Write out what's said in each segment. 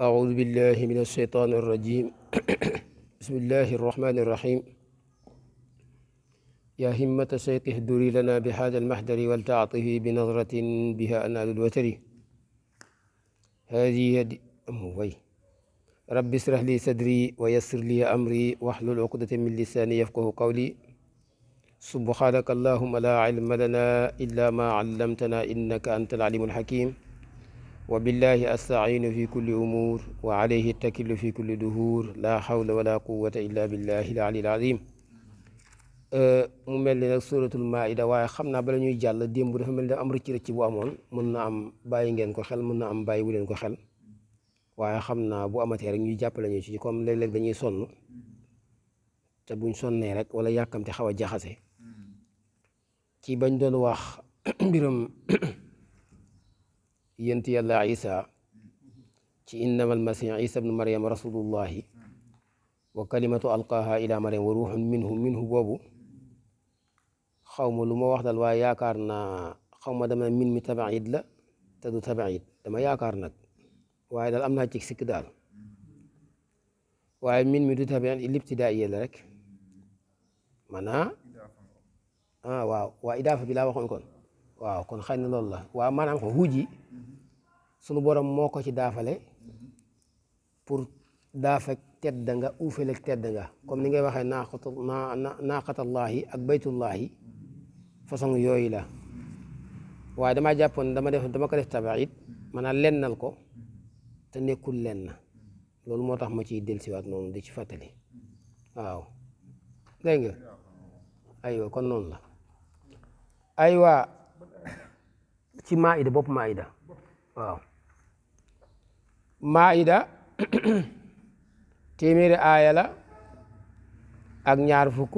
أعوذ بالله من الشيطان الرجيم بسم الله الرحمن الرحيم يا همة الشيخ اهدري لنا بهذا المحضر ولتعطه بنظرة بها أنال الوتر هذه هدي أموي رب اشرح لي صدري ويسر لي أمري واحلل عقدة من لساني يفقه قولي سبحانك اللهم لا علم لنا إلا ما علمتنا إنك أنت العليم الحكيم wa billahi astaciinu fi kulli umuur wa alayhi takillu fi kulli duhuur laa xawla wala quwata illa billahi al mel ni nag suratul maida waaye xam naa bala ñuy jàll démb dafa mel ni am rëcc rëcc bu amoon mën na am bàyyi ngeen xel mën na am bàyyi wu leen ko xel waaye xam naa bu amatee rek ñuy jàppale ñu ci comme léeg-léeg dañuy sonn te buñ rek wala yàkkamte xaw a jaxase ci bañ doon wax mbiram yent yàlla isa ci innama almasih isa bnu mariam rasulullahi wa kalimatu alqaaha ila mariam wa ruuxun minhu minhu boobu xaw ma lu ma wax dal waaye yaakaar na xaw ma dama min mi tabaid la te du tabaid dama yaakaar nag waaye daal am naa ci sikk daal waaye min mi du tabaid la rek maanaa ah waaw waa idaafa bi laa kon waaw kon xëy na loolu la waaw maanaam xuuj yi sunu borom moo ko ci daafale pour daafak tedda uufe uufeel ak tedda nga comme ni ngay waxee naaqatu naaqatallaahi ak baytullaahi façon yooyu la waa damaa jàppoon dama def dama ko def tabaxit maanaam lennal ko te nekkul lenn loolu moo tax ma ciy dellusiwaat noonu di ci fàttali waaw dégg nga aywa kon noonu la aywa ci maida bopp maida waaw maida téeméeri aaya la ak ñaar fukk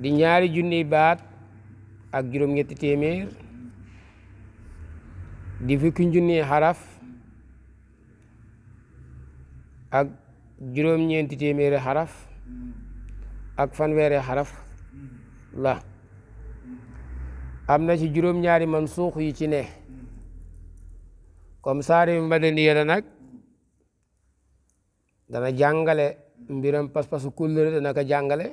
di ñaari junniy baat ak juróom-ñetti téeméer di fukki junniy xaraf ak juróom-ñeenti téeméeri xaraf ak fanweeri xaraf la am na ci juróom-ñaari suux yi ci ne comme saari madaniya la nag dana jàngale mbiram pas-pasu kullëre dana ko jàngale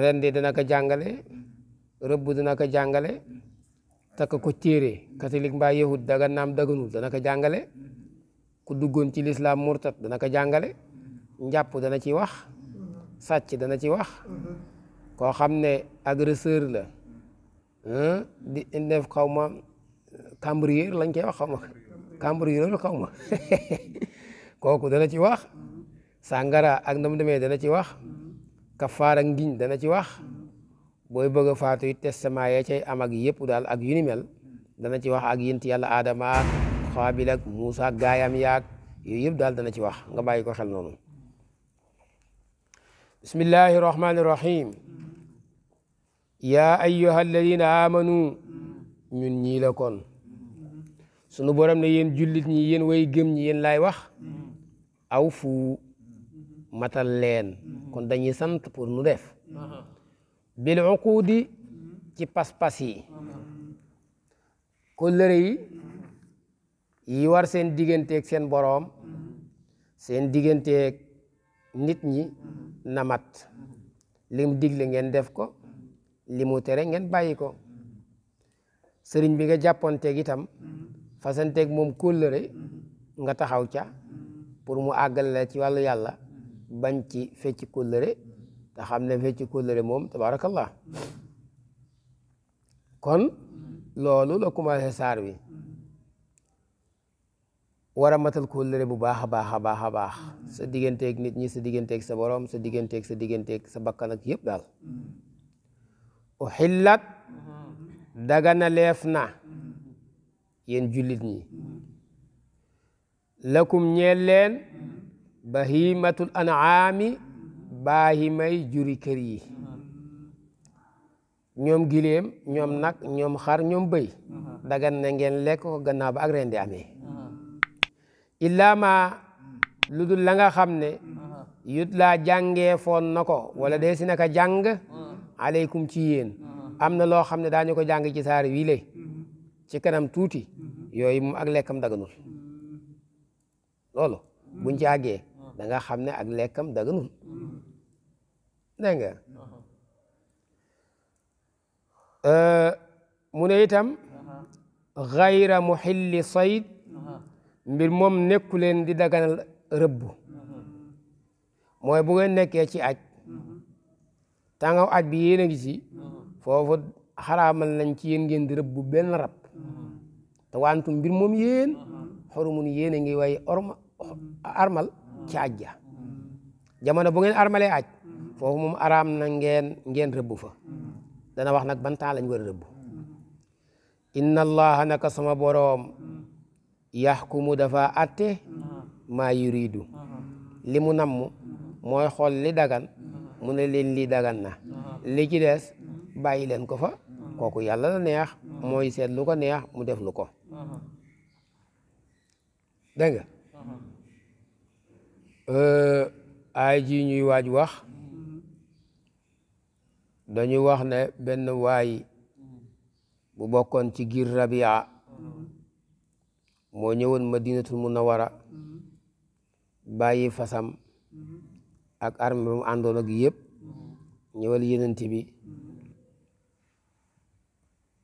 rendi dana ko jàngale rëbb dana ko jàngale takk ko téere catholique mbaa yahud daga naam daganul dana ko jàngale ku duggoon ci lislaam murtat dana ko jàngale njàpp dana ci wax sàcc dana ci wax koo xam ne agresseur la di def ka ma cambrier lañ koy wax xaw ma cambrier xaw ma kooku dana ci wax sàngara ak na mu demee dana ci wax kafaara ngiñ dana ci wax booy bëgg a faatu yi testament ya cay am yëpp daal ak yu mel dana ci wax ak yént yàlla Adama ak Xaabil ak Muusa gaayam yaag yooyu yëpp daal dana ci wax nga bàyyi ko xel noonu bismillahi yaa ayyuha alladina amanu ñun ñii kon sunu borom ne yéen jullit ñi yéen way gëm ñi yéen laay wax aw fu matal leen kon dañuy sant pour nu def bil uqudi ci pas-pas yi kóllëre yi yi war seen digganteeg seen boroom seen digganteeg nit ñi namat lim digle ngeen def ko li mu tere ngeen bàyyi ko sëriñ bi nga jàppanteeg itam fasanteek moom kóllëre nga taxaw ca pour mu àggal la ci wàllu yàlla bañ ci fecc kóllëre te xam ne fecc kóllëre moom tabaarakallah kon loolu la commencé saar wi war a matal kóllëre bu baax a baax a baax a baax sa digganteek nit ñi sa digganteek sa borom sa digganteek sa digganteeg sa bakkan ak yëpp daal uxillat daganaleef na yéen jullit ñi lakum ñeel leen bahimatul an'aami baahimay juri kër yi ñoom gileem ñoom nag ñoom xar ñoom bëy dagan na ngeen lekk ko gannaaw ba ak rendi illaa ma lu dul la nga xam ne yut laa jàngee foon na ko dee si naka jàng aleykum ci yéen ah. am na loo xam ne daañu ko jàng ci saar wii mm-hmm. ci kanam tuuti mm-hmm. yooyu moom ak lekkam daganul mm-hmm. loolu buñ ci àggee da nga xam ne ak lekkam daganul dégg uh-huh. uh, ne itam xayra uh-huh. muxilli sayd uh-huh. mbir moom nekku leen di daganal rëbb mooy bu ngeen nekkee ci aj tàngaw aj bi yéen a ngi foofu xaraamal nañ ci yéen ngeen di rëbb bu benn rab te wantum mbir moom yéen xorumun yéen a ngi way orma armal ci aj ja jamono bu ngeen armalee aj foofu moom araam na ngeen ngeen rëbb fa dana wax nag ban lañ war a rëbb na allaha sama boroom yaxkumu dafa atte maa yuridu li mu namm mooy xool dagan mu ne leen lii dagan na li ci des bàyyi leen ko fa kooku yàlla la neex mooy seet lu ko mu def lu ko dégg nga aay ji ñuy waaj wax dañu wax ne benn waay bu bokkoon ci giir rabia moo ñëwoon madinatul munawara bàyyi fasam ak arme bi mu àndoon ak yëpp ñëwal yenent bi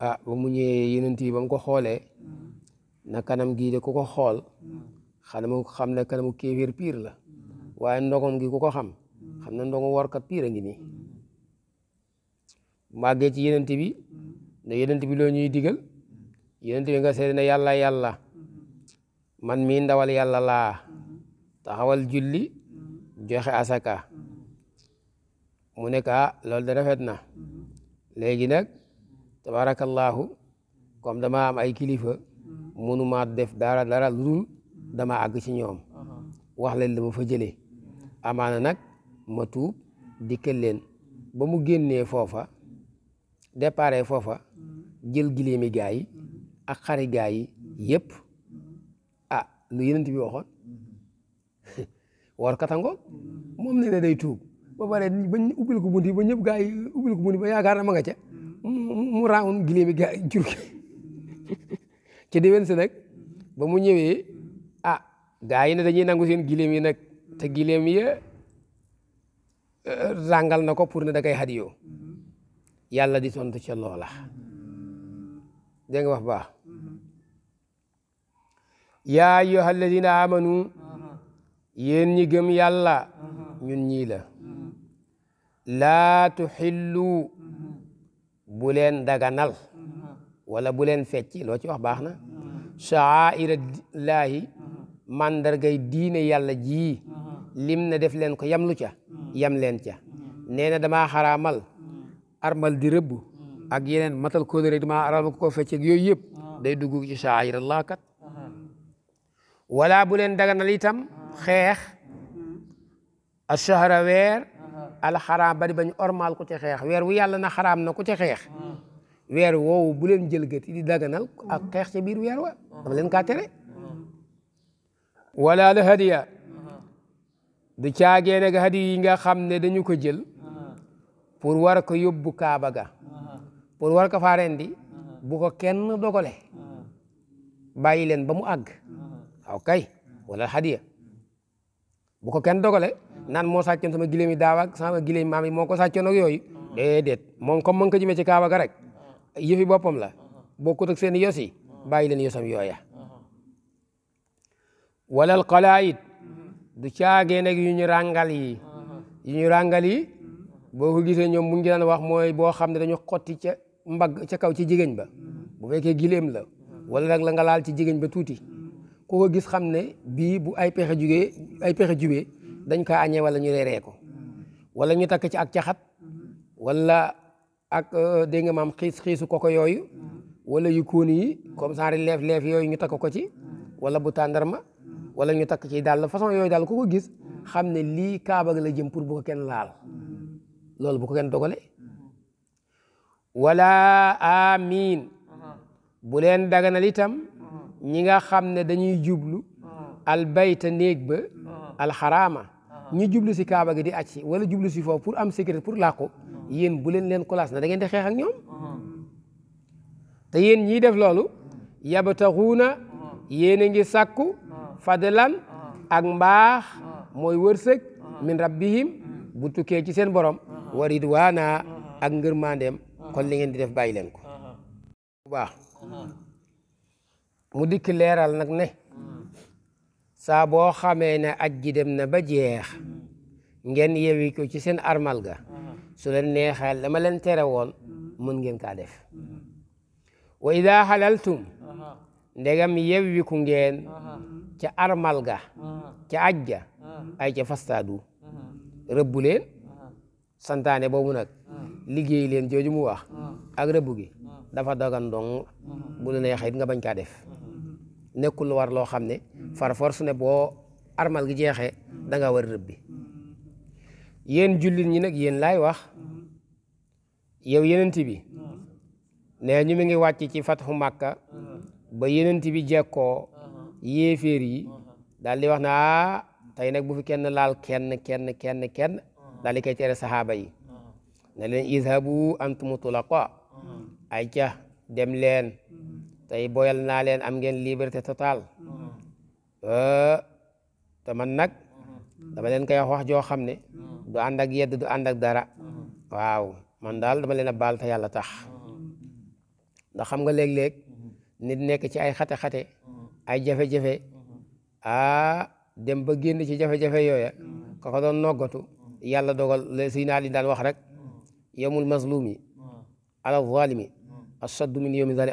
ah ba mu ñëwee yenent bi ba mu ko xoolee na kanam gii de ko ko xool xanamu xam ne kanamu kéeféer piir la waaye ndogom gi ko ko xam xam ne ndogu warkat piir a ngi nii màggee ci yenent bi ne yenent bi loo ñuy digal yenent bi nga seede ne yàlla yàlla man mii ndawal yàlla laa taxawal julli joxe asaka mu ne ka ah, loolu de rafet na léegi nag tabaarakallaahu comme dama am ay kilifa mënuma def dara dara lu dul dama àgg ci ñoom wax leen la ma fa nag ma tuub dikkal leen ba mu génnee foofa dépare foofa jël giléemi gaa yi ak xari gaa yi yëpp a ah, lu yenent bi waxoon war katango moom nee na day tuub ba pare bañ ubbil ko bunti ba ñëpp gaa yi ubbil ko bunti ba yaakaar na ma nga ca mu raawoon gilee bi jur gi ci déwén si nag ba mu ñëwee ah gaa yi ne dañuy nangu seen gileem yi nag te gileem yi eh, ràngal na ko pour ne da koy xadiyoo yàlla di tontu ca loola dégg nga wax baax yaa ayyuha alladina amanu yéen ñi gëm yàlla ñun ñii la laa tuxillu bu leen daganal wala bu leen fecci loo ci wax baax na sha'aira laahi mandargay diine yàlla jii lim na def leen ko yamlu ca yam leen ca nee na damaa xaraamal armal di rëbb ak yeneen matal ko rek ko fecc ak yooyu yëpp day dugg ci kat wala bu leen daganal itam xeex hmm. ashahara weer alxaraam bari bañ ormaal ku ci xeex weer wu yàlla na xaraam na ku ci xeex hmm. weer woowu bu leen jël gët yi di daganal ak xeex ci biir weer wa hmm. dama leen kaa tere wala la hadiya du caagee nag hadiya yi nga xam ne dañu ko jël pour war ko yóbbu kaaba ga pour war ko faa rendi bu ko kenn dogale bàyyi leen ba mu àgg waaw kay hadiya bu ko kenn dogale naan moo sàccoon sama gileem yi daaw ak sama gileem maam yi moo ko sàccoon ak yooyu déedéet moom comme ma ngi ko jëmee ci kaaba ga rek yëfi boppam la bokkut ak seen yos yi bàyyi leen yosam yooya. walal xalaayit du caagee nag yu ñu ràngal yi yu ñu ràngal yi boo ko gisee ñoom bu ñu daan wax mooy boo xam ne dañu xotti ca mbagg ca kaw ci jigéen ba bu fekkee gileem la wala nag la nga laal ci jigéen ba tuuti. ku ko gis xam ne bii bu ay pexe jugee ay pexe jubee dañ ko añee wala ñu reeree ko wala ñu takk ci ak caxat walla ak euh, dégg nga maam xiis xiisu koko yooyu wala yu kóoni yi comme genre leef leef yooyu ñu takk ko ci wala bu tàndarma wala ñu takk ci daal façon yooyu daal ku ko gis xam ne lii kaaba la jëm pour bu kenn laal loolu bu ko kenn dogale wala amin bu daganal itam ñi nga xam ne dañuy jublu ah. albayta néeg ba ah. alxaraama ah. ñu jublu si kaaba gi di aj si wala jublu si foofu pour am sécurité pour làkku yéen bu leen leen kolaas na da ngeen di xeex ak ñoom te yéen ñi def loolu yabtaxuuna yéen a ngi sàkku fadelan ak mbaax mooy wërsëg min rabbihim hmm. bu tukkee ci seen borom wa ridwaana ak ngërmandeem kon li ngeen di def bàyyi leen ko mu dikk leeral nag ne saa boo xamee ne aj gi dem na ba jeex ngeen yewi ko ci seen armal ga su leen neexee dama leen tere woon mun ngeen ka def wa ida xalaltum ndegam yewwiku ngeen ca armal ga ca aj ga ay ca fastaadu rëbbu santaane boobu nag liggéey leen jooju mu wax ak rëbbu dafa dagan dong bu la neexee it nga bañ ka def nekkul lu war loo xam ne far su ne boo armal gi jeexee da nga war rëb bi jullit ñi nag yéen lay wax yow yenent bi nee ñu mi ngi wàcc ci fatxu màkka ba yenent bi jekkoo yéeféer yi daldi di wax na ah tey nag bu fi kenn laal kenn kenn kenn kenn daal di tere saxaaba yi ne leen izhabu antum tulaqa ay ca dem leen tey booyal naa leen am ngeen liberté totale mm-hmm. euh, te man nag mm-hmm. dama leen koy wax joo xam ne mm-hmm. du ànd ak yedd du ànd ak dara waaw man daal dama leen a baal te yàlla tax ndax xam nga léeg-léeg nit nekk ci ay xate-xate ay jafe-jafe ah dem ba génn ci jafe-jafe yooya ka ko noggatu yàlla dogal le suy naa li daal wax rek yawmul mazlumi ala zalimi ashaddu min yawmi zali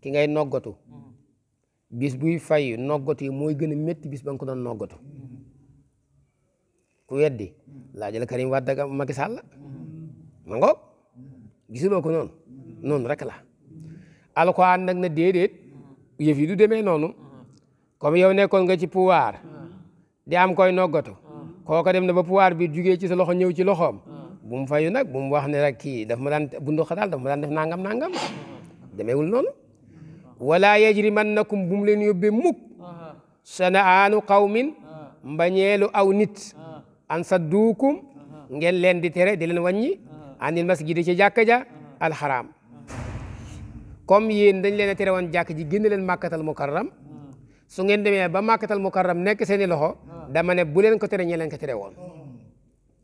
ki ngay noggatu mm-hmm. bis buy fay noggatu yi mooy gën a métti bis ba nga ko doon noggatu mm-hmm. ku weddi mm-hmm. laajal Karim Wade ak ko noonu noonu rek la alxuraan nag na déedéet yëf yi du demee noonu comme yow nekkoon nga ci pouvoir di am koy noggatu kooka dem na ba puwaar bi jugee ci sa loxo ñëw ci loxoom bu mu fayu nag bu mu wax ne rek kii daf ma daan bundu xataal daf ma daan def nangam nangam demeewul noonu man na bu mu leen yóbbee mukk sanaanu qawmin ah. mbañeelu aw nit ah. an sadduukum ngeen leen di tere di leen wàññi ah. anil masjidi ci jàkka ja alxaraam comme yéen dañ leen tere woon jàkk ji génn leen màkkatal mukarram su ngeen demee ba màkkatal mukarram nekk seen i loxo dama ne bu leen ko tere ñe ko tere woon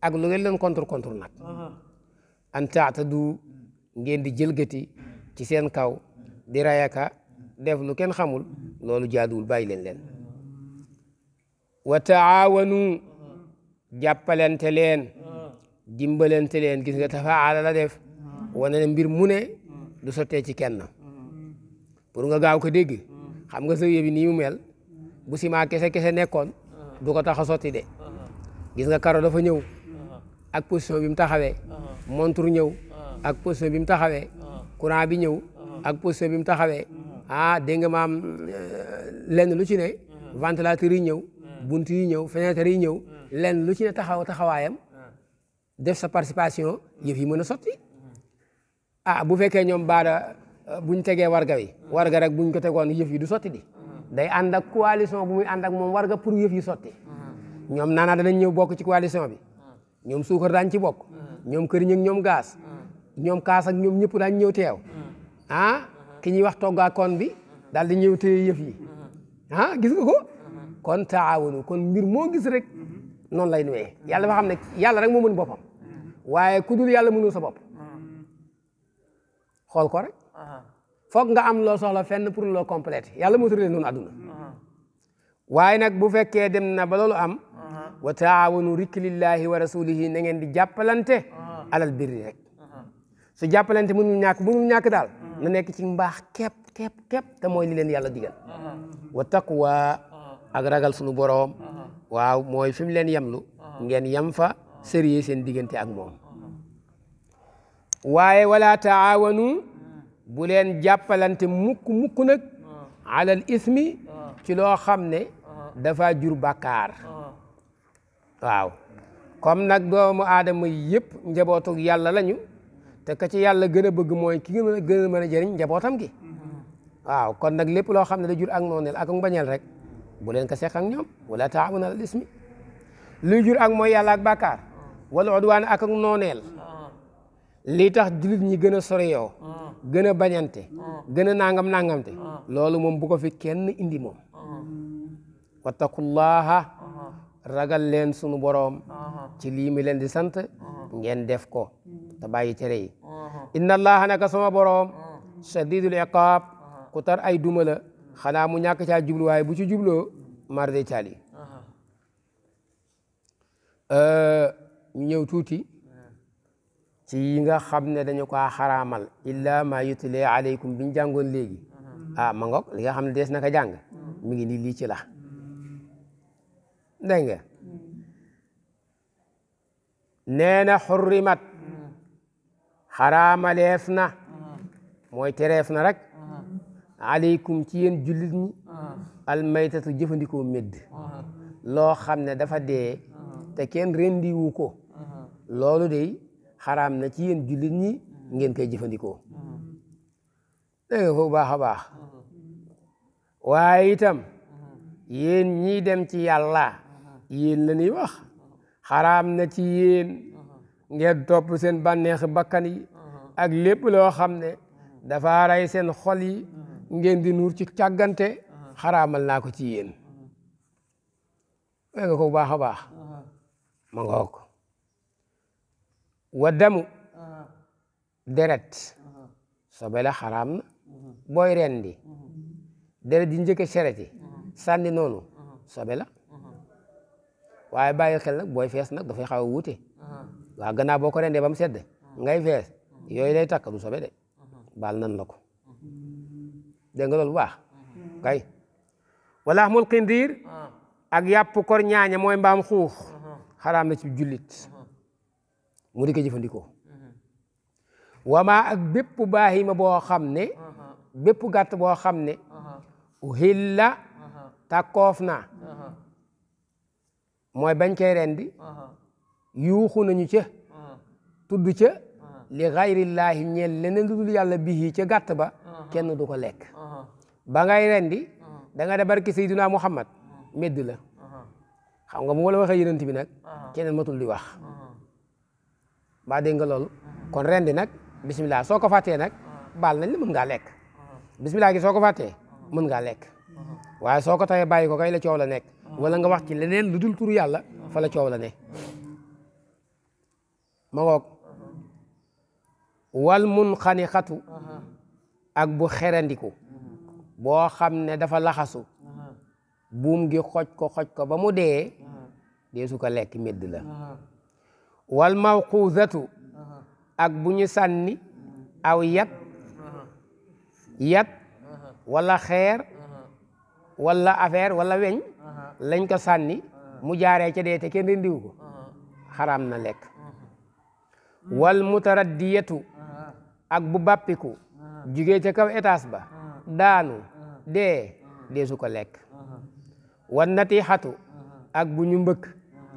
ak lu leen contre contre nag an taatadu ngeen di jëlgati ci seen kaw di rayaka def lu ken xamul loolu jaaduwul bàyyi leen leen wa taawanu jàppalante leen dimbalante leen gis nga tafaala la def wane ne mbir mu ne du sottee ci kenn pour nga gaaw ko dégg xam nga zawiya bi nii mu mel bu ciment kese kese nekkoon du ko tax a sotti de gis nga karo dafa ñëw ak position bi mu taxawee montre ñëw ak position bi mu taxawee courant bi ak position bi mu taxawee ah dégg nga maam eh, lenn lu ci ne ventilateur yi ñëw bunt yi ñëw fenêtre yi ñëw lenn lu ci ne taxaw taxawaayam def sa participation yëf yi mën a sotti ah bu fekkee ñoom baada eh, buñ tegee warga wi warga rek buñ ko tegoon yëf yi du sotti di day ànd ak coalition bu muy ànd ak moom warga pour yëf yi sotti ñoom naanaa danañ ñëw bokk ci coalition bi ñoom suukar daañ ci bokk ñoom këriñ ak ñoom gaas ñoom kaas ak ñoom ñëpp daañ ñëw teew ah ki ñuy wax toggaakoon bi daal di ñëw téye yëf yi ah gis ko kon taawunu kon mbir moo gis rek noonu lay nuwee yàlla dafa xam ne yàlla rek moo mun boppam waaye ku dul yàlla mënul sa bopp xool ko rek foog nga am loo soxla fenn pour loo complète yàlla moo tëralee noonu àdduna waaye nag bu fekkee dem na ba loolu am wa taawunu rikk lillahi wa rasulihi na ngeen di jàppalante alal birri rek su jàppalante mënul ñàkk mënul ñàkk daal na nekk ci mbaax képp képp képp te mooy li leen yàlla digal wa taqwa ak ragal suñu boroom waaw mooy fi mu leen yemlu ngeen yam fa sérieux seen diggante ak moom waaye wala taawanu bu leen jàppalante mukk mukk nag alal ismi ci loo xam ne dafa jur bàkkaar waaw comme nag doomu aadama yëpp njabootu yàlla lañu te ka ci yàlla gën a bëgg mooy ki gën a gën a mën a jëriñ njabootam gi waaw kon nag lépp loo xam ne da jur ak nooneel ak mbañeel rek bu leen ko seq ak ñoom wala taawuna al ismi luy jur ak mooy yàlla ak bàkkaar wala odwaan ak nooneel lii tax jullit ñi gën a sore yow gën a bañante gën a nangam nangamte loolu moom bu ko fi kenn indi moom wattaqullaha ragal leen sunu boroom ci lii mi leen di sant ngeen def ko te bàyyi cere yi uh-huh. inna allaha naka sama boroom uh-huh. shadidul iqab uh-huh. ku tar ay dumala la xanaa mu ñàkk caa jublu waaye bu ci jubloo mar de taali uh, ñu ñëw tuuti ci yi nga xam ne dañu ko xaraamal illa ma yutlee aleykum bi ñu jàngoon léegi ah ma ngoog li nga xam ne dees na ko jàng mi ngi nii lii ci la dégg nga nee na xaraamaleef na mooy tereef na rek aleykum ci yéen jullit ñi almaytatu jëfandikoo médd loo xam ne dafa dee te kenn rendiwu ko loolu de xaraam na ci yéen jullit ñi ngeen koy jëfandikoo dégg ko baax a baax waaye itam yéen ñii dem ci yàlla yéen la ñuy wax xaraam na ci yéen ngeen topp seen bànneexi bakkan yi uh-huh. ak lépp loo xam ne uh-huh. dafa rey seen xol yi uh-huh. ngeen di nuur ci càggante xaraamal naa ko ci yéen we nga ko baax a baax ma ngoog wa damu deret sobe la xaraam na booy rendi deret di njëkk a sereti sànni noonu sobe la waaye bàyyi xel nag booy fees nag dafay xaw a waaw gannaaw boo ko rendee ba mu sedd ngay fees yooyu lay takk du sobe de baal nan la ko dégg nga loolu bu baax kay wala xamul xindiir ak yàpp kor ñaaña mooy mbaam xuux xaraam na ci jullit mu di ko jëfandikoo mm-hmm. wamaa ak bépp baaxima boo xam ne mm-hmm. bépp gàtt boo xam ne mm-hmm. uhilla takkoof na mooy bañ koy rendi yuuxu nañu ca mm. tudd ca mm. li xayrillaahi ñeel leneen lu dul yàlla bihi ca gàtt ba mm-hmm. kenn du ko lekk mm-hmm. ba ngay rendi mm-hmm. da nga de barki sayyidina Muhammad medd la xam nga mu wala waxee yonent bi nag keneen matul di wax ba dégg nga loolu kon rendi nag bismillah soo ko fàttee nag baal nañ la mën ngaa lekk bismillah gi soo ko fàttee mën ngaa lekk waaye soo ko tawee bàyyi ko kay la coow la nekk wala nga wax ci leneen lu dul turu yàlla fa la coow la ne ma ngoog wal mun xani xatu ak bu xerandiku boo xam ne dafa laxasu buum gi xoj ko xoj ko ba mu dee dee su ko lekk medd la wal mawquuzatu ak bu ñu sànni aw yat yat wala xeer wala affaire wala weñ lañ ko sànni mu jaaree ca dee te kenn dindiwu ko xaraam na lekk Mm. wal mutaraddiyatu ah. ak bu bàppiku ah. jugee ca kaw etaas ba ah. daanu dee dee su ko lekk wan natixatu ak bu ñu mbëkk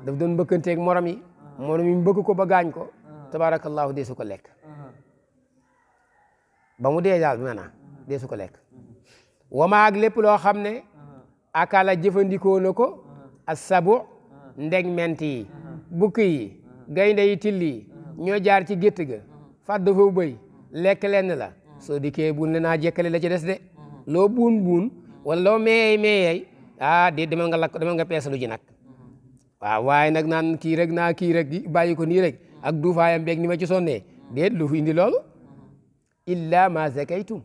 daf doon mbëkkanteeg morom yi morom yi mbëkk ko ba gaañ ko tabaarakallaahu dee su ko lekk ba mu dee daal maanaam dee su ko lekk wama ak lépp loo xam ne akala jëfandikoo na ko asabu ndeg ndek yi bukki yi gaynde yi till ñoo jaar ci gétt ga fàdd fa bëy lekk lenn la soo dikkee buun le naa jekkale la ci des de loo buun buun wala loo meeyey meeyey ah di demal nga lakk demal nga peesalu ji nag waaw waaye nag naan kii rek naa kii rek bàyyi ko nii rek ak duufaayam beeg ni ma ci sonnee déet lu fi indi loolu illa ma zakaytum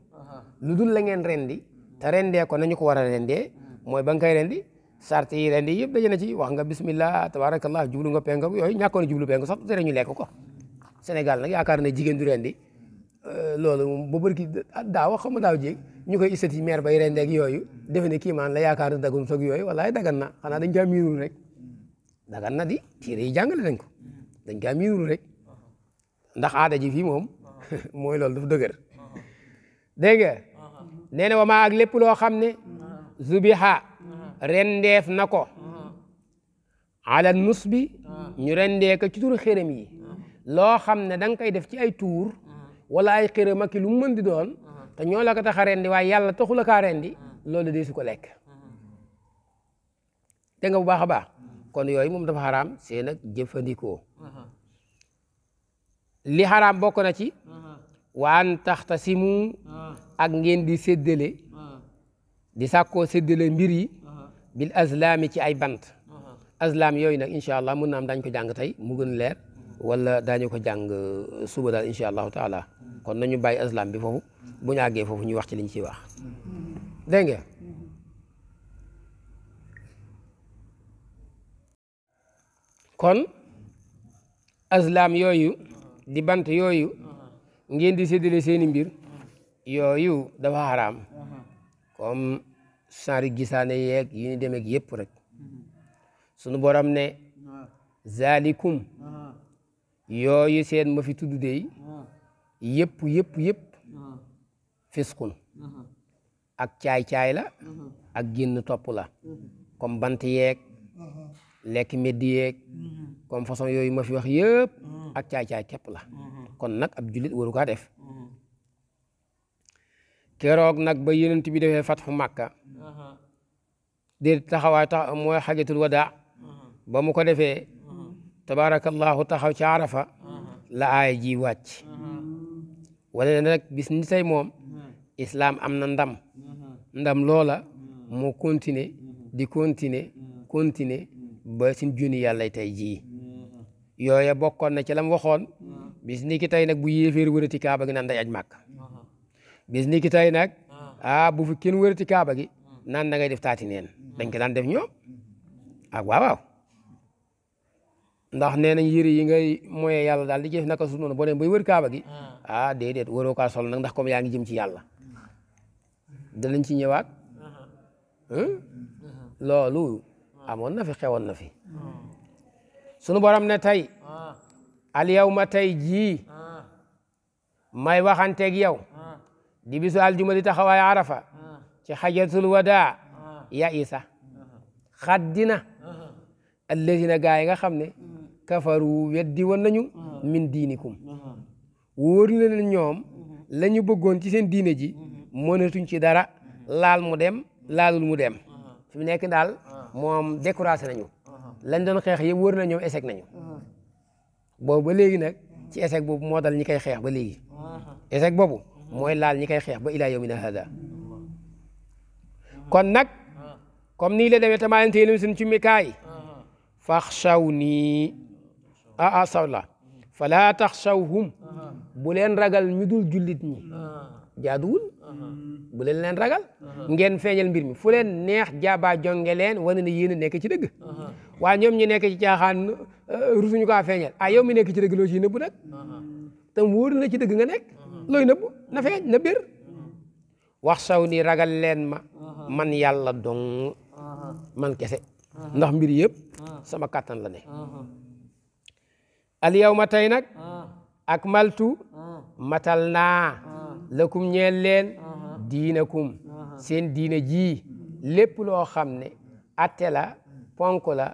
lu dul la ngeen rendi te rendee ko nañu ko war a rendee mooy ba nga koy rendi sart yi rendi yëpp daje na ci wax nga bismillah tabarakallah jublu nga penku yooyu ñàkkoon jublu penku sax tere ñu lekk ko Sénégal nag yaakaar ne jigéen du rendi euh, loolu moom ba bërki ah, daaw xam daaw jéeg ñu koy isati maire bay rendeeg yooyu defe ne kii la yaakaar ne dagum soog yooyu walaay dagan na xanaa dañ kaa miinul rek dagan na di téere yi jàngale nañ ko dañ kaa miinul rek ndax ji fii moom mooy loolu dafa dëgër dégg nga maa ak lépp loo xam ne zubiha rendeef na ko ala bi ñu rendee ko ci turu xërëm loo xam ne da nga koy def ci ay tuur wala ay xërëm ak lu mu mën di doon te ñoo la ko tax a rendi waaye yàlla taxul a kaa rendi loolu dee su ko lekk te bu baax a baax kon yooyu moom dafa xaraam seen ak jëfandikoo li xaraam bokk na ci waan taxtasimu ak ngeen di séddale di sàkkoo séddale mbir yi bil azlaami ci ay bant aslam yooyu nag incha allah mun na am dañ ko jàng mu gën leer wala daañu ko jàng euh, suba daal incha allahu taala kon nañu bàyyi aslam bi foofu bu ñu àggee foofu ñu wax ci liñ ciy kon aslam yooyu di bant yooyu ngeen di séddale seeni mbir yooyu dafa xaraam comme genre gisaane yeeg yu ñu demeeg yëpp rek sunu borom ne zalikum yooyu seen ma fi tudd dey ah. yëpp yëpp yëpp ah. fiskun uh-huh. ak caay-caay la uh-huh. ak génn topp la uh-huh. comme bant yeeg lekk meddi yeeg comme façon yooyu ma fi wax yëpp ak caay-caay képp la kon nag ab jullit waru def keroog nag ba yonent bi defee fatxu màkka déet taxawaay tax mooy xajatul wadaa ba mu ko defee tabaarakallaahu taxaw ca arafa la aaya ji wàcc wala nag bis ni tey moom islaam am na ndam ndam loola moo continuer di continuer continuer ba suñ junni yàlla tey jii yooya bokkoon na ci lam waxoon bis ni ki tey nag bu yéeféer wërati kaaba gi naan day aj màkk bis ki tey nag ah bu fi kenn wërati kaaba gi naan da ngay def taati neen dañ ko daan def ñoom ak ah, waaw ndax nee nañ yëre yi ngay moye yàlla daal di jëf naka su noonu boo dem bay wër kaaba gi ah, ah déedéet waroo kaa sol nag ndax comme yaa ngi jëm ci yàlla danañ ci ñëwaat uh-huh. Uh-huh. loolu uh-huh. amoon na fi xewoon na fi sunu borom na tey al ma tey jii may waxanteeg yow di bisu aljuma di taxawaay arafa ci xajatul wadaa ya isa xaddina alladina gaa yi nga xam ne mm. kafaru weddi woon nañu ah. min diinikum ah. wóor na leen ñoom mhm. la ñu bëggoon ci seen diine ji mhm. mënatuñ ci dara mhm. laal mu dem laalul mu dem ah. fi mu nekk daal moom découragé nañu lañ doon xeex yëpp wóor na ñoom na nañu boobu ba léegi nag ci échec boobu moo dal ñi koy xeex ba léegi échec boobu mooy laal ñi koy xeex ba ilaa yawmina hada kon nag comme nii la demee tamaaleen téelum sun ci mikaay faxshaw nii ah ah sawla fala taxshawhum bu leen ragal ñu jullit ñi jaaduwul uh-huh. bu leen leen ragal uh-huh. ngeen feeñal mbir mi fu leen neex jaaba jonge leen wane ne yéen a nekk ci dëgg uh-huh. waa ñoom ñu nekk ci caaxaan uh, rusuñu kaa feeñal ah yow mi nekk ci dëgg loo ciy nëbbu nag tam na ci dëgg nga nekk looy nëbbu na feeñ na bér wax saw ni ragal leen ma man yàlla dong man kese ndax mbir yëpp sama kàttan la ne al yawma tey nag ah. ak maltu ah. matal naa ah. lakum ñeel diina diinakum seen diina ji lépp loo xam ne atte la ponk la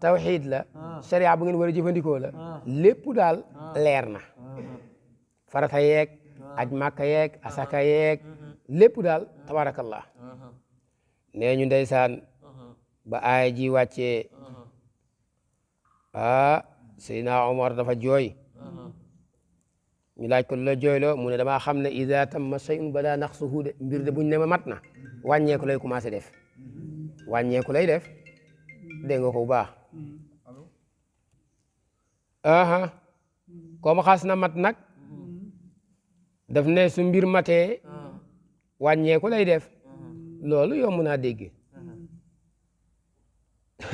tawxiid la sharia bu ngeen war a jëfandikoo la lépp daal leer na farata yeeg aj màkka yeeg asaka yeek mm-hmm. lépp daal tabarakallah nee ñu ndeysaan ba aaya ji wàccee ah na Omar dafa jooy ñu laaj ko lu la jooyloo mu ne damaa xam ne ida tamma shay'un bada naqsuhu de mbir de buñ ne ma mat na wàññeeku lay commencé def wàññeeku lay def dégg ko bu baax aha comme xaas na mat nag daf ne su mbir matee wàññeeku lay def loolu yomb naa dégg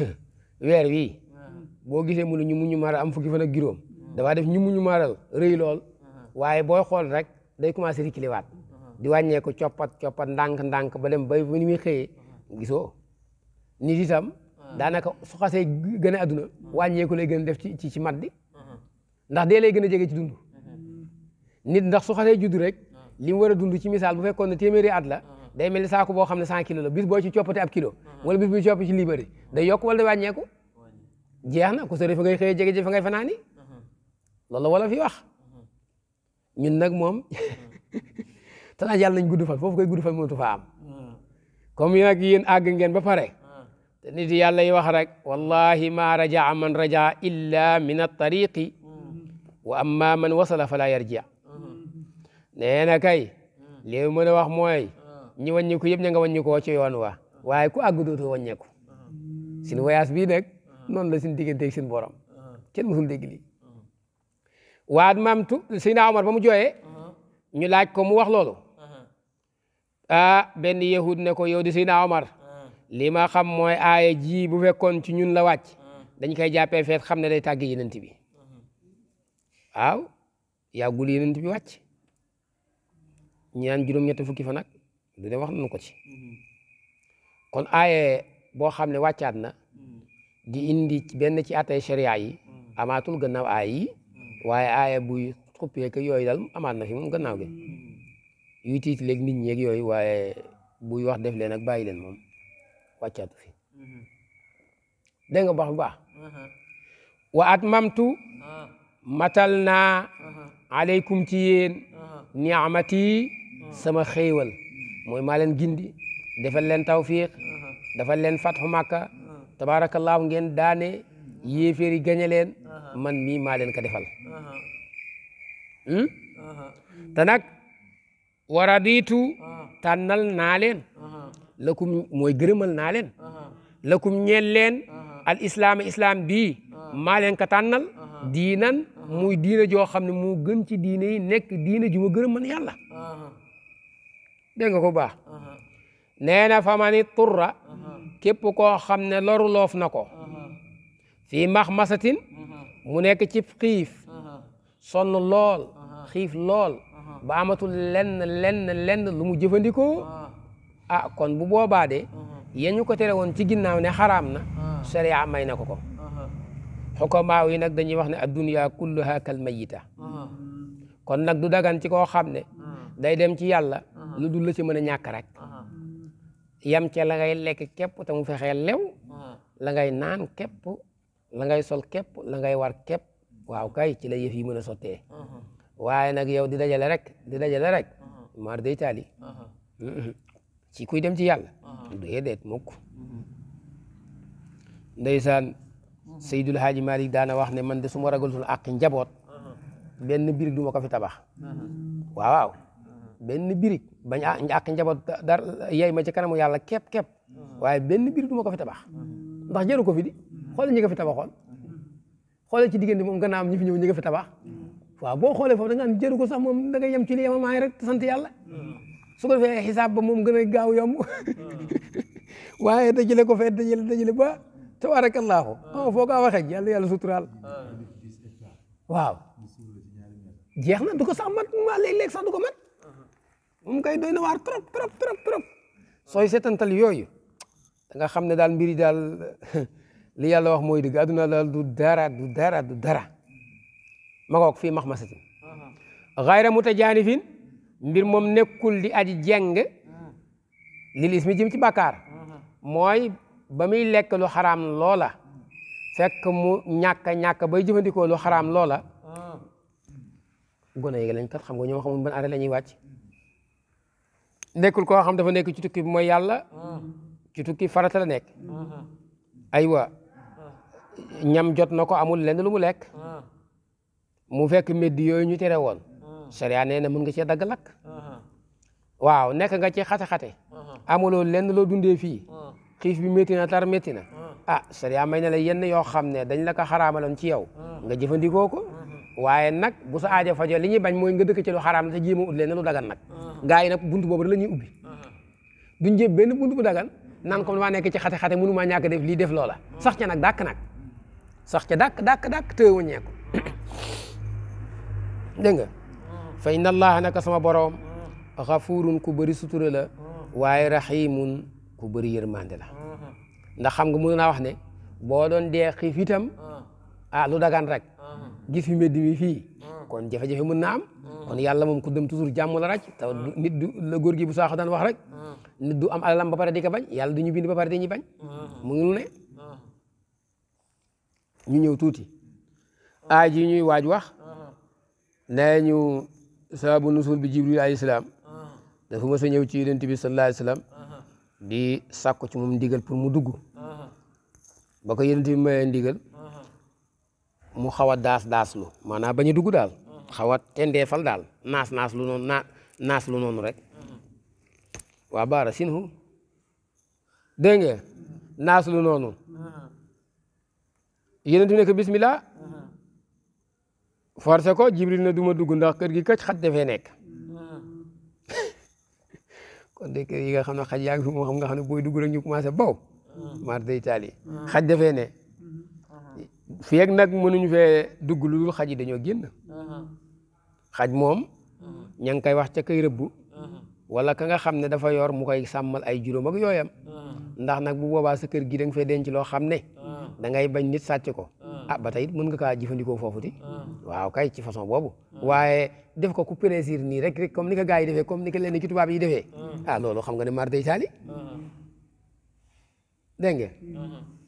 weer wi boo gisee mu ne ñu muñu maaral am fukki fan ak juróom dafaa def ñu muñu maaral rëy lool waaye booy xool rek day commencé di waat di wàññeeku coppat coppat ndànk-ndànk ba dem bay ba ni muy xëyee gisoo nit itam daanaka su xasee gën a adduna wàññeeku lay gën def ci ci mat di ndax dee lay gën a jege dund nit ndax su xasee judd rek li mu war a dund ci misaal bu fekkoon ne téeméeri at la day mel ni saako boo xam ne cent kilo la bis boo ci coppate ab kilo wala bis bu coppati ci libéré day yokk wala wàññeeku jeex na ku sori fa ngay xëy jege ji fa ngay fanaani loolu wala fi wax ñun nag moom talaa yàlla nañ gudd fan foofu koy gudd fan mënatu fa am comme nag yéen àgg ngeen ba pare te nit yàlla yi wax rek wallahi ma rajaa man rajaa illa min at-tariqi wa amma man wasala fala yarji nee na kay li mën a wax mooy ñi wàññi ko yëpp ña nga wàññi ci yoon wa waaye ku àgg dootoo wàññeeku sin voyage bii noonu la suñu digganteeg seen borom ah. kenn mësul dégg lii ah. waat maam tu Seydina Omar ba mu jooyee ah. ñu laaj ko mu wax loolu ah benn yahud ne ko yow di Seydina Omar li ma xam mooy aaya ji bu fekkoon ci ñun la wàcc dañ koy jàppee feet xam ne day tàgg yenent bi waaw yi yenent bi wàcc ñi naan juróom-ñetti fukki fan du de wax nañu ko ci mm-hmm. kon aaye boo xam ne wàccaat na di indi benn ci atay sharia yi mm. amaatul gannaaw aay mm. waaye aaya buy xuppee que yooyu daal amaat na fi moom gannaaw gi mm. yuy tiit léegi nit ñeeg yooyu waaye buy wax def leen ak bàyyi leen moom wàccaatu fi mm-hmm. dégg nga baax bu baax mm-hmm. wa atmamtu ah. matal naa uh-huh. aleykum ci yéen uh-huh. niamati uh-huh. sama xéewal mooy maa leen gindi defal leen tawfiq defal leen makka tabaarakallaahu ngeen daane yéeféer yi gañe leen man mii maa leen ko defal hmm? te nag waradiitu tànnal naa leen lakum mooy gërëmal naa leen lakum ñeel leen al islaam islaam bii maa leen ko tànnal diinan muy diina joo xam ne moo gën ci diine yi nekk diina ju ma gërëm man yàlla dégg ko baax nee fa mani turra képp koo xam ne loru loof na ko fii max masatin mu nekk ci xiif sonn lool xiif lool ba amatul lenn lenn lenn lu mu jëfandikoo a ah, kon bu boobaa de yéen ñu ko tere woon ci ginnaaw ne xaraam na sharia may na ko ko xukamaaw yi nag dañuy wax ne addunya kulluha kal mayita kon nag du dagan ci koo xam ne day dem ci yàlla lu dul la ci mën a ñàkk rek yam ca la ngay lekk képp te mu fexee lew ah. la naan képp la ngay sol képp la ngay war képp waaw kay ci la yëf yi mën a sottee uh-huh. waaye nag yow di dajale rek di dajale rek uh-huh. taali uh-huh. mm-hmm. ci kuy dem ci yàlla déedéet mukk mm-hmm. ndeysaan mm-hmm. Seydul Haaji Malik daana wax ne man de su ma ragal suñu àq njaboot benn birig du ma fi tabax waaw benn birig ba ñàkk njaboot dara yey ma ci kanamu yàlla képp képp waaye benn birig du ma ko fi tabax ndax jëru ko fi di xoolal ñi ko fi tabaxoon xoolal ci diggante moom gannaaw ñi fi ñëw ñi ko fi tabax waaw boo xoolee foofu da nga jëru ko sax moom da nga yem ci li yemamaay rek te sant yàlla su ko defee xisaab ba moom gën a gaaw yomb waaye dajale ko fee dajale dajale ba tabaarakallaahu ah foo ko waxee yàlla yàlla suturaal waaw jeex na du ko sax mat ma léeg-léeg sax du ko mat moom kay doy na waar trop trop trop trop sooy seetantal yooyu da nga xam ne daal mbiri daal li yàlla wax mooy dëgg àdduna daal du dara du dara du dara ma ngoog fii max masatin uh-huh. xayra mutajaanifin mbir moom nekkul di aj jeng uh-huh. lil mi jëm ci bàkkaar uh-huh. mooy ba muy lekk lu xaraam loola fekk mu ñàkk a ñàkk bay jëfandikoo lu xaraam loola gone yi lañ xam nga ñoom xamul ban arrêt la ñuy wàcc nekkul koo xam dafa nekk ci tukki bi mooy yàlla ci tukki farata la nekk aywa ñam jot na ko amul lenn lu mu lekk mu fekk meddi yooyu ñu tere woon sariya nee na mën nga cee dagg lakk waaw nekk nga ci xate-xate amuloo lenn loo dundee fii xiif bi métti na tar métti na ah sariya may na la yenn yoo xam ne dañ la ko xaraamaloon ci yow nga jëfandikoo ko waaye nag bu sa aajo fajo li ñuy bañ mooy nga dëkk ci lu xaraam te jéem a ut leen lu dagan nag uh-huh. gaa yi nag buntu boobu la ñuy ubbi uh-huh. duñ jéem benn buntu bu dagan naan comme damaa nekk ci xate-xate mënu maa ñàkk def li def loola uh-huh. sax nag dàkk nag sax ca dàkk dàkk dàkk teewu ñeeku dégg nga fa inna allaha naka sama boroom xafurun ku bëri sutura la waaye raximun ku bëri yërmande la ndax xam nga mën naa wax ne boo doon dee xiif itam ah lu dagan rek gis fi mbedd mi fii hmm. kon jafe-jafe mën na am hmm. kon yàlla moom ku dem toujours jàmm la ràcc ta hmm. nit du la góor gi bu saax daan wax rek nit du am alalam ba pare di ko bañ yàlla du ñu bind ba pare dañuy bañ mu ngi lu ne ñu ñëw tuuti a ji ñuy waaj wax nee ñu sababu nusul bi jibril alayhi salaam dafa ci yonent bi sallallahu di sàkku ci moom ndigal pour mu dugg ba ko yonent bi mayee ndigal mu xaw a daas daas lu maanaam bañ a dugg daal xaw a tendeefal daal naas naas lu noonu naa naas lu noonu rek waa baara sinhu dégg naas lu noonu yéen du nekk bismillah forcé ko jibril na duma dugg ndax kër gi këcc xaj dafee nekk kon de kër yi nga xam ne xaj yaa ngi fi moo xam dugg rek ñu commencé baw mar hmm. day taali xaj dafee ne fii ak nag mënuñu fee dugg lu dul xaj yi dañoo génn uh-huh. xaj moom uh-huh. ña ngi koy wax ca kay bu uh-huh. wala ka nga xam ne dafa yor mu koy sammal ay juróom ak yooyam ndax nag bu boobaa sa kër gi da nga fee denc loo xam ne da ngay bañ nit sàcc ko ah ba tey it mën nga kaa jëfandikoo foofu di waaw kay ci façon boobu waaye def ko ku plaisir nii rek rek comme ni ko gars yi defee comme ni ko leen ci tubaab yi defee ah loolu xam nga ne mar day taali nga